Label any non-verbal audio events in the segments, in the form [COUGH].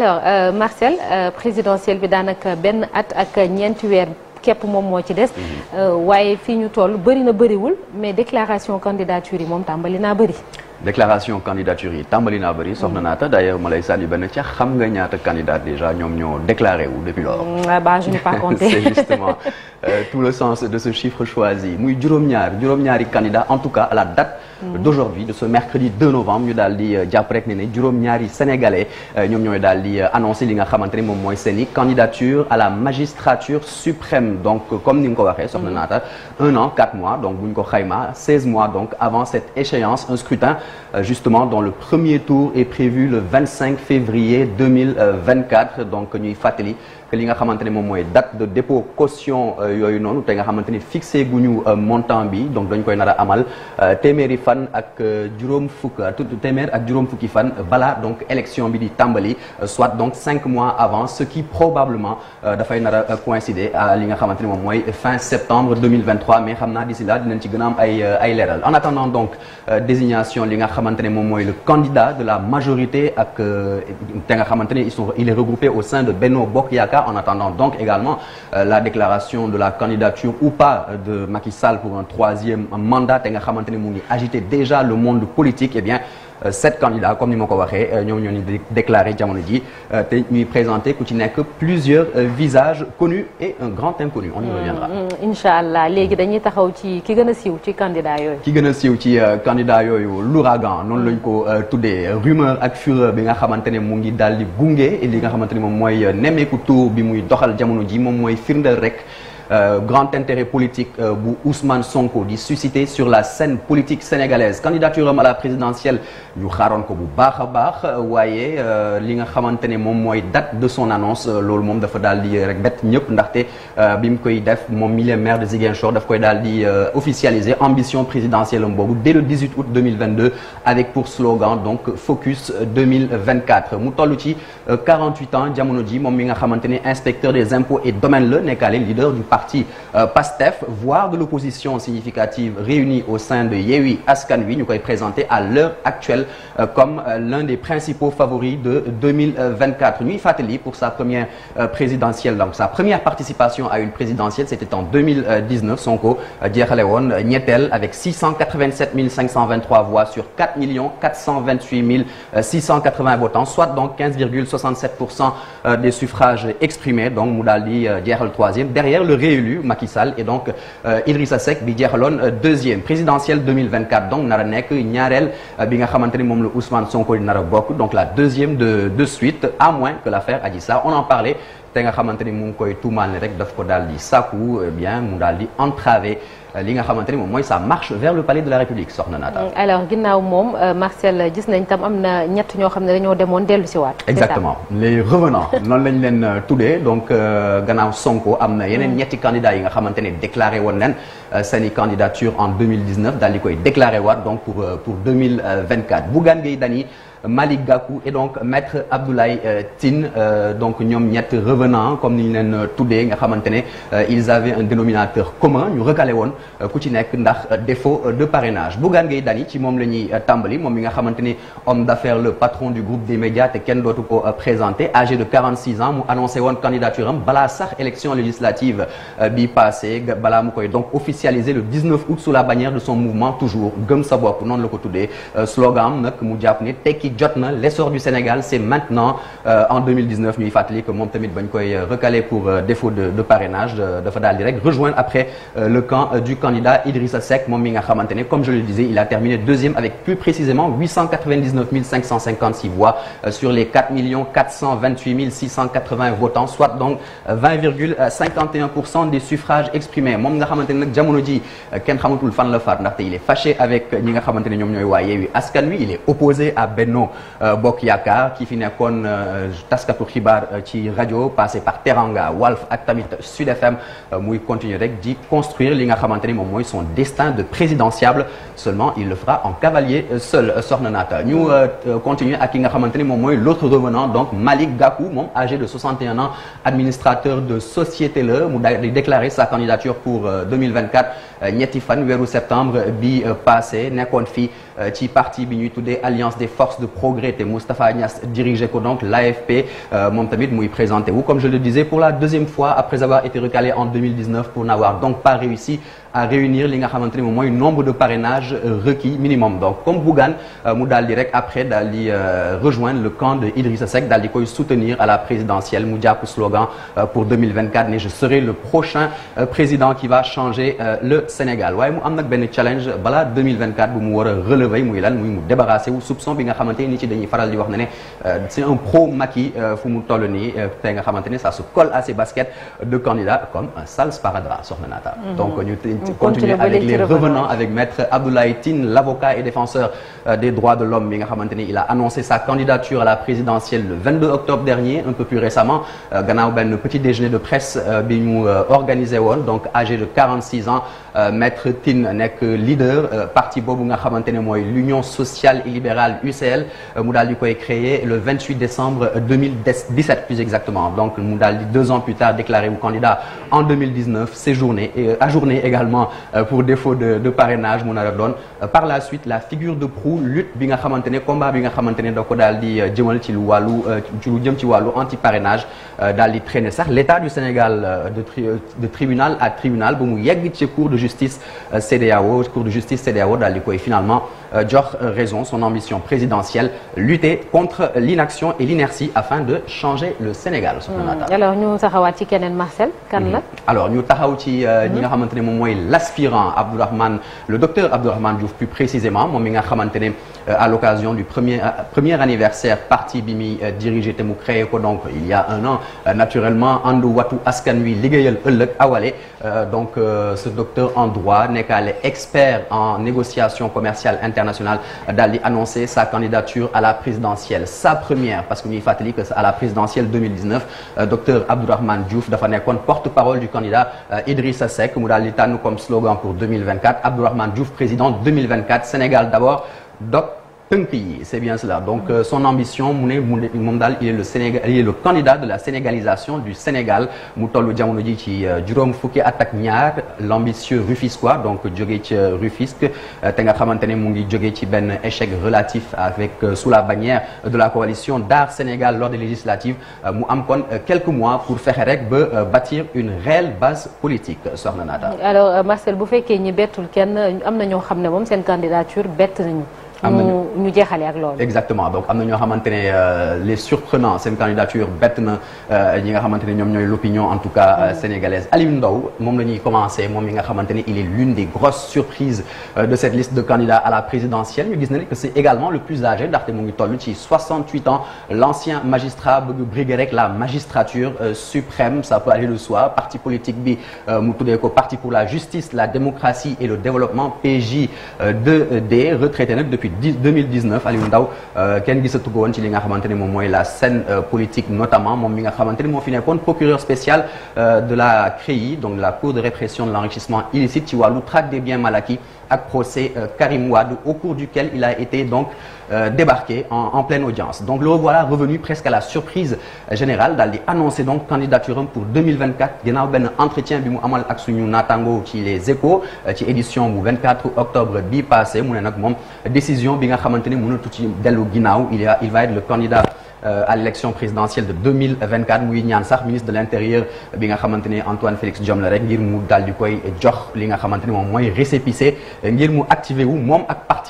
alors euh, Marcel euh, présidentielle bi daanaka ben at ak ñeenti weer képp mom mo ci des. Mhm. Euh, waaye fi ñu toll bari na bëriwul mais déclaration candidature yi moom tàmbali bari déclaration candidature yi tàmbali naa bëri soxna mhm. naata d'ailleurs ma lay ben ci xam nga ñaata candidat déjà ñom ñoo déclaré wu depuis lors. Mm, ah bah je n'ai pas [LAUGHS] compté c'est justement euh, tout le sens de ce chiffre choisi muy juroom ñaar juroom ñaari candidat en tout cas à la date. Euh, d'aujourd'hui de ce mercredi 2 novembre nous avons di euh, jàpp sénégalais nous euh, annoncé li candidature à la magistrature suprême donc comme nous l'avons dit, un an quatre mois donc 16 mois donc avant cette échéance un scrutin justement dont le premier tour est prévu le 25 février 2024 donc ñuy fàttali que li nga date de dépôt caution euh, yooyu nonou te nga xamante fixé guñu euh, montant bi donc dañ koy nara amal euh, téméri fan ak juróom tout témer ak juróom fukki fan bala, donc élection bi di soit donc 5 mois avant ce qui probablement da fay coïncider à li nga xamante fin septembre 2023 mais xamna d'ici là dinañ ci gëna am ay ay en attendant donc désignation li nga xamante mom le candidat de la majorité ak te nga xamante ils sont il est regroupé au sein de Beno Bokyaka, en attendant donc également euh, la déclaration de la candidature ou pas euh, de Macky Sall pour un troisième mandat. Tenga agitait déjà le monde politique. Eh bien, euh, sept candidats comme ni ma ko waxee euh, ñoom ñoo déclaré jamono ji euh, te ñuy présenter, ku ci nekk plusieurs visages connus et un grand inconnu on y reviendra. Mm, mm, Inshallah, allah léegi mm. dañuy taxaw ci ki gën a ci candidat yooyu. ki gën a siiw ci candidat yooyu l'ouragan noonu lañ ko tuddee rumeur ak fureur bi nga xamante ne mu ngi daal di gunge li nga xamante ne moom mooy nemmeeku tour bi muy doxal jamono ji moom mooy firndeel rek. Euh, grand intérêt politique euh, Ousmane Sonko dit suscité sur la scène politique sénégalaise candidature à la présidentielle du xaaroon ko bu Khamantene a baax euh, date de son annonce lol Mom dafa daal Rekbet rek bett ñëpp ndaxte bi koy def maire de Ziguinchor daf koy officialiser ambition présidentielle dès le 18 août 2022 avec pour slogan donc focus 2024 mu 48 ans jamono ji inspecteur des impôts et domaine le Nekale, leader du parti parti euh, PASTEF, voire de l'opposition significative réunie au sein de Yewi Askanwi, nous est présenté à l'heure actuelle euh, comme euh, l'un des principaux favoris de 2024. Nui Fateli, pour sa première présidentielle, donc sa première participation à une présidentielle, c'était en 2019, son Sonko Leon Nietel, avec 687 523 voix sur 4 428 680 votants, soit donc 15,67% des suffrages exprimés, donc Moudali le troisième, derrière le élu Macky et donc euh, Idrissa Seck bi euh, deuxième présidentielle 2024 donc nara a nekk euh, bi nga xamanteni mom son Ousmane Sonko di donc la deuxième de de suite à moins que l'affaire Adissa on en parlait te nga xamante ni mu Saku, koy rek daf ko eh bien mu daal entraver euh, li nga xamanteni mom moy sa marche vers le palais de la république soxna Nata. Mm, alors ginnaaw mom euh, Marcel euh, gis nañ tam amna ñet ñett ñoo xam ne dañoo demoon dellu si waat. exactement les revenants [LAUGHS] non lañ leen tudé donc gannaaw Sonko amna yenen mm. ñetti candidats yi nga xamanteni déclaré woon leen seen candidature en 2019 dal di koy déclaré waat donc pour pour 2024 Bougane Gueye Dany Malik Gakou et donc maître Abdoulaye Tin. euh, donc ñoom ñett revenants comme ni ñu leen tuddee nga xamante ils avaient un dénominateur commun ñu recalé woon. Euh, ku ci ndax euh, défaut euh, de parrainage Bougan Gay Dani, ci mom lañuy tambali mom nga homme d'affaires le patron du groupe des médias te ken dootu ko présenté âgé de 46 ans mu annoncé won candidature en sax élection législative bi passé bala mu koy donc officialisé le 19 août sous la bannière de son mouvement toujours Gum sa bopp non la ko slogan nak nag mu l'essor du Sénégal c'est maintenant en 2019 ñuy fatli que mom tamit bañ koy recalé pour défaut de parrainage de Fadal di rek rejoindre après le camp du candidat Idrissa Seck comme je le disais il a terminé deuxième avec plus précisément 899 556 voix euh, sur les 4 428 680 votants soit donc 20,51 euh, des suffrages exprimés nga jamono euh, il est fâché avec ñi nga xamante ne il est opposé à Benno Bokk qui finit à nekkoon taskatu qui ci radio, passé par Teranga Walf Aktamit Sud FM muy construire li son destin de présidentiable seulement il le fera en cavalier euh, seul euh, Sornanata. Euh, continuons ñu continuer à l'autre revenant donc Malik Gakou âgé de 61 ans administrateur de société le mou déclaré sa candidature pour 2024 ñetti fan septembre bi passé ne parti bi des alliances Alliance des forces de progrès et Mustafa Niass dirigeait donc l'AFP moom tamit muy présenté comme je le disais pour la deuxième fois après avoir été recalé en 2019 pour n'avoir donc pas réussi à réunir li nga nombre de parrainages euh, requis minimum donc comme Bougan, euh, mu daal di après d'aller euh, rejoindre le camp de Idrissa Seck d'aller di soutenir à la présidentielle mu slogan pour 2024 Mais je serai le prochain président qui va changer le Sénégal waaye mu am un challenge balaa 2024 bu mu relevé, relever lan mu débarrassé wu soupçon bi nga xamante ci dañuy c'est un pro Macky fu mu toll ça se colle à ses baskets de candidats comme un sale sparadrap mhm. donc naata donc continuer mm, avec les revenants avec Maître Abdoulaye Tine, l'avocat et défenseur euh, des droits de l'homme. Il a annoncé sa candidature à la présidentielle le 22 octobre dernier, un peu plus récemment. le euh, Ben, petit déjeuner de presse, euh, bimou organisé donc âgé de 46 ans Maître Tine que leader parti Bobo l'Union sociale et libérale UCL mu est créé le 28 décembre 2017 plus exactement donc mu deux ans plus tard déclaré au candidat en 2019 séjourné et ajourné également également euh, pour défaut de, de parrainage mon nar a par la suite la figure de proue lutte bi nga xamantene combat bi nga xamantene ne daldi ko euh, ci walu wàllu euh, ci lu jëm ci walu anti parrainage daal di traîner sax l'état du Sénégal de tri, de tribunal à tribunal bu mu yegg ci cour de justice CDAO cour de justice CDAO daal di koy finalement euh, Dior euh, Raison, son ambition présidentielle, lutter contre l'inaction et l'inertie afin de changer le Sénégal. Hmm. alors nous taxawaat ci keneen Marcel kan mhm. alors nous taxaw ci ñi euh, hmm. nga a l'aspirant le docteur Abdourahmane Diouf plus précisément moom nga euh, à l'occasion du premier, euh, premier anniversaire parti BIMI euh, dirigé te donc il y a un an naturellement Andou watu Askanui awale donc ce docteur en droit qu'à expert en négociation commerciale internationale d'aller annoncer sa candidature à la présidentielle sa première parce que faut dire que à la présidentielle 2019 docteur Abdourahmane Diouf porte-parole du candidat Idriss Seck comme slogan pour 2024 Abdourahmane Diouf président 2024 Sénégal d'abord dot pays, c'est bien cela donc euh, son ambition mu Moundal, il est le Sénégal il le candidat de la sénégalisation du Sénégal Mou toll jamono ji ci euh, juróom fukki l'ambitieux rufisquois donc jóge ci euh, Rufisque te nga xamante ne échec relatif avec sous la bannière de la coalition Dar Sénégal lors des législatives mu quelques mois pour faire rek bâtir une réelle base politique soxna Naata. alors Marcel bu qui ñi bettul kenn am ñoo candidature 哦。ñu ak loolu. exactement donc amna ñoo euh, les surprenants C'est une candidature bêtement euh, ñi nga l'opinion en tout cas euh, mm. sénégalaise Ali mom lañuy commencé mom mi nga il est l'une des grosses surprises de cette liste de candidats à la présidentielle ñu gis que c'est également le plus âgé ndaxte mo ngi 68 ans l'ancien magistrat bëgg la magistrature suprême ça peut aller le soir parti politique bi mu parti pour la justice la démocratie et le développement PJ2D retraité depuis 10 2019 à Ndao euh, Ken gisatu ko woon la scène euh, politique notamment mon mi nga procureur spécial euh, de la CRI, donc de la cour de répression de l'enrichissement illicite ci vois traque des biens mal acquis procès Karim Wade au cours duquel il a été donc débarqué en pleine audience donc le voilà revenu presque à la surprise générale d'aller annoncer donc candidature pour 2024 a un entretien du mou amal ak suñu qui les échos édition 24 octobre bi passé mon décision bi il va être le candidat euh, à l'élection présidentielle de 2024 Mouy ministre de l'intérieur Antoine Félix Diome la rek ngir mu Dal di koy jox li nga récépissé ngir activé ak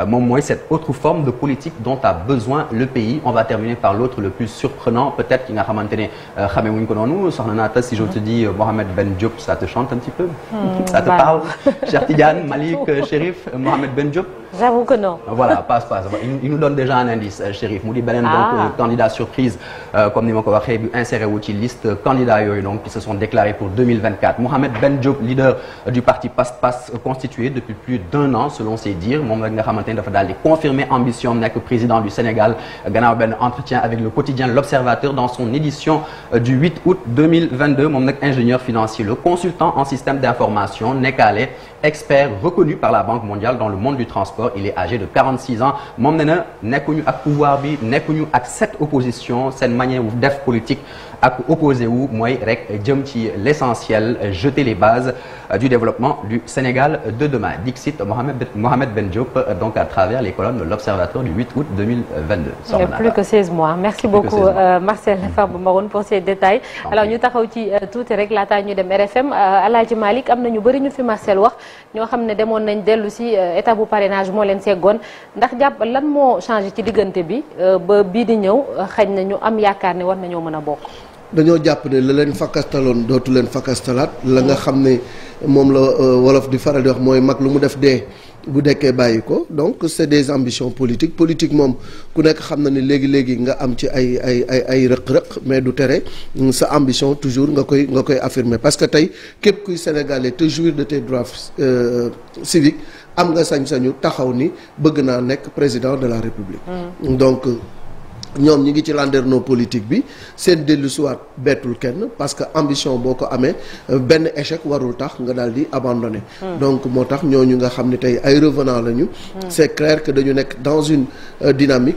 euh, cette autre forme de politique dont a besoin le pays on va terminer par l'autre le plus surprenant peut-être ki nga xamante ne euh, si je te mm-hmm. dis Mohamed Ben ça te chante un petit peu mm, ça te bah. parle Cher Tidiane [LAUGHS] Malik, Chérif Mohamed Ben j'avoue que non. Ah, voilà passe passe il nous donne déjà un indice Chérif euh, Mouli di ah. euh, candidat surprise euh, comme nous inséré wu liste candidat donc qui se sont déclarés pour 2024 Mohamed Ben Diop leader du parti passe passe constitué depuis plus d'un an selon ses dires Mohamed rek nga ambition président du Sénégal Ghana Ben, entretient avec le quotidien L'Observateur dans son édition du 8 août 2022 Mohamed ingénieur financier le consultant en système d'information nekkaale expert reconnu par la Banque mondiale dans le monde du transport il est âgé de 46 ans n'est nee n'est à à pouvoir n'est connu à cette opposition cette manière de def politique ak opposé wu mooy rek djem ci l'essentiel jeter les bases euh, du développement du Sénégal de demain dixit Mohamed Mohamed Ben Diop euh, donc à travers les colonnes de l'Observatoire du 8 août 2022. y a plus que 16 mois merci beaucoup euh, Marcel mm-hmm. Farba Maroun pour ces détails alors ñu taxaw ci tout rek laataa ñu dem RFM Aladji Malik amna ñu bari ñu fi Marcel wax ñoo xam ne demoon nañ dellu état bu parrainage mo len seggoon ndax jàpp lan mo changé ci digënté bi ba bi di ñëw xañ nañu am war bokk dañoo jàpp ne leen la nga donc c'est des ambitions politiques politique mais mm, sa ambition toujours nga affirmer parce que tey sénégalais te de tes droits euh, civiques am nga sañ-sañu président de la république mm. Nous ñi ngi ci politique bi seen de suwat parce que ambition est amé ben échec warul tax nga hmm. donc nous ñoñu nga revenant hmm. c'est clair que nous sommes dans une euh, dynamique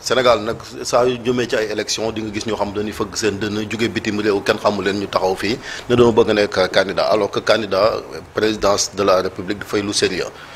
Sénégal nag saa yu jëmee ci ay élection di nga gis ñoo xam dañuy fëgg seen dënn jóge bitim réew kenn xamu leen ñu taxaw fii ne dama bëgg nekk candidat alors que candidat présidence de la république dafay lu sérieux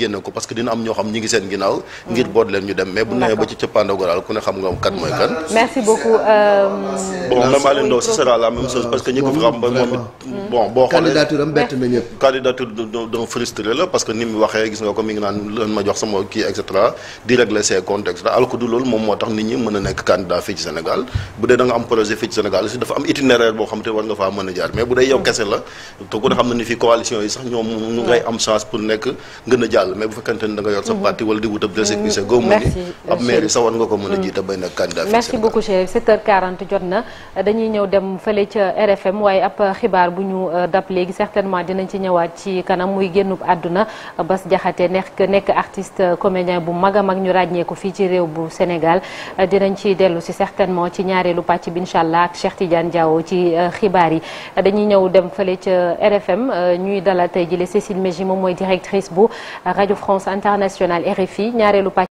génn ko parce que dina am ño xam ñi ngi seen ginnaw ngir mm. boot leen ñu dem mais bu neew ba ci cëppaandaw ga ku ne xam nga kan moy kan merci beaucoup euh... bon même Alioune ce sera la même chose parce que ñi ko fi xam ba moom bon bo xolé candidature am bett na ñep candidature do frustré la parce que nimi mu gis nga ko mi ngi nan leen ma jox sama ki et cetera di régler ses contextes da alko du lol mom motax nit ñi mëna nek candidat fi ci Sénégal bu dé da nga am projet fi ci Sénégal ci dafa am itinéraire bo xam te war nga fa mëna jaar mais bu dé yow kessé la to ko ne xam na ni fi coalition yi sax ñom ñu ngay am chance pour nek gën a jàll mais bu fekkante ni da nga yor sa mhm. parti wala di wut ab récépissé mm-hmm. goo a mm-hmm. dañuy ñëw dem fële ca RFM waaye ab xibaar bu ñu euh, dab léegi certainement dinañ ci ñëwaat ci kanam muy génnub àdduna Bass Diakhaté nekk nekk artiste euh, comédien bu mag a mag ñu ràññee fii ci réew bu Sénégal euh, dinañ ci dellu si certainement ci ñaareelu pàcc bi incha allah ak Cheikh Tidiane ci xibaar yi dañuy ñëw dem fële ca RFM ñuy dalal tey jile mooy directrice bu Radio France internationale RFI ñaareelu pas.